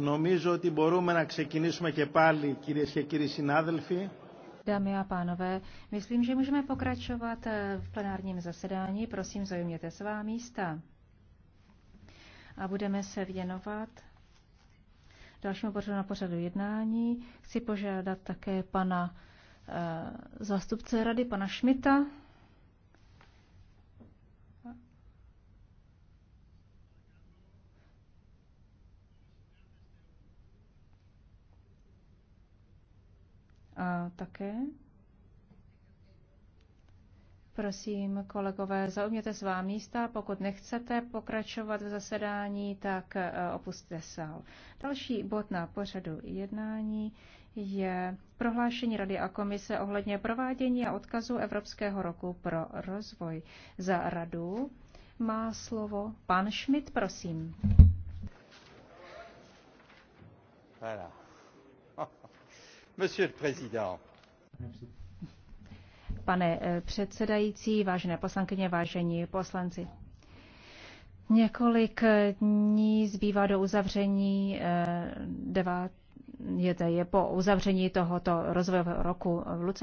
Νομίζω ότι μπορούμε να ξεκινήσουμε και πάλι, κυρίε και κύριοι συνάδελφοι. Dámy a pánové, myslím, že můžeme pokračovat eh, v plenárním zasedání. Prosím, zajměte svá místa. A budeme se věnovat dalšímu pořadu na pořadu jednání. Chci požádat také pana uh, zástupce rady, pana Šmita, A také Prosím, kolegové, zaujměte svá místa. Pokud nechcete pokračovat v zasedání, tak eh, opustte sál. Další bod na pořadu jednání je prohlášení Rady a komise ohledně provádění a odkazu Evropského roku pro rozvoj. Za radu má slovo pan Schmidt, prosím. Pane eh, předsedající, vážené poslankyně, vážení poslanci. Několik eh, dní zbývá do uzavření eh, je, po uzavření tohoto rozvojového roku v Lucembursku.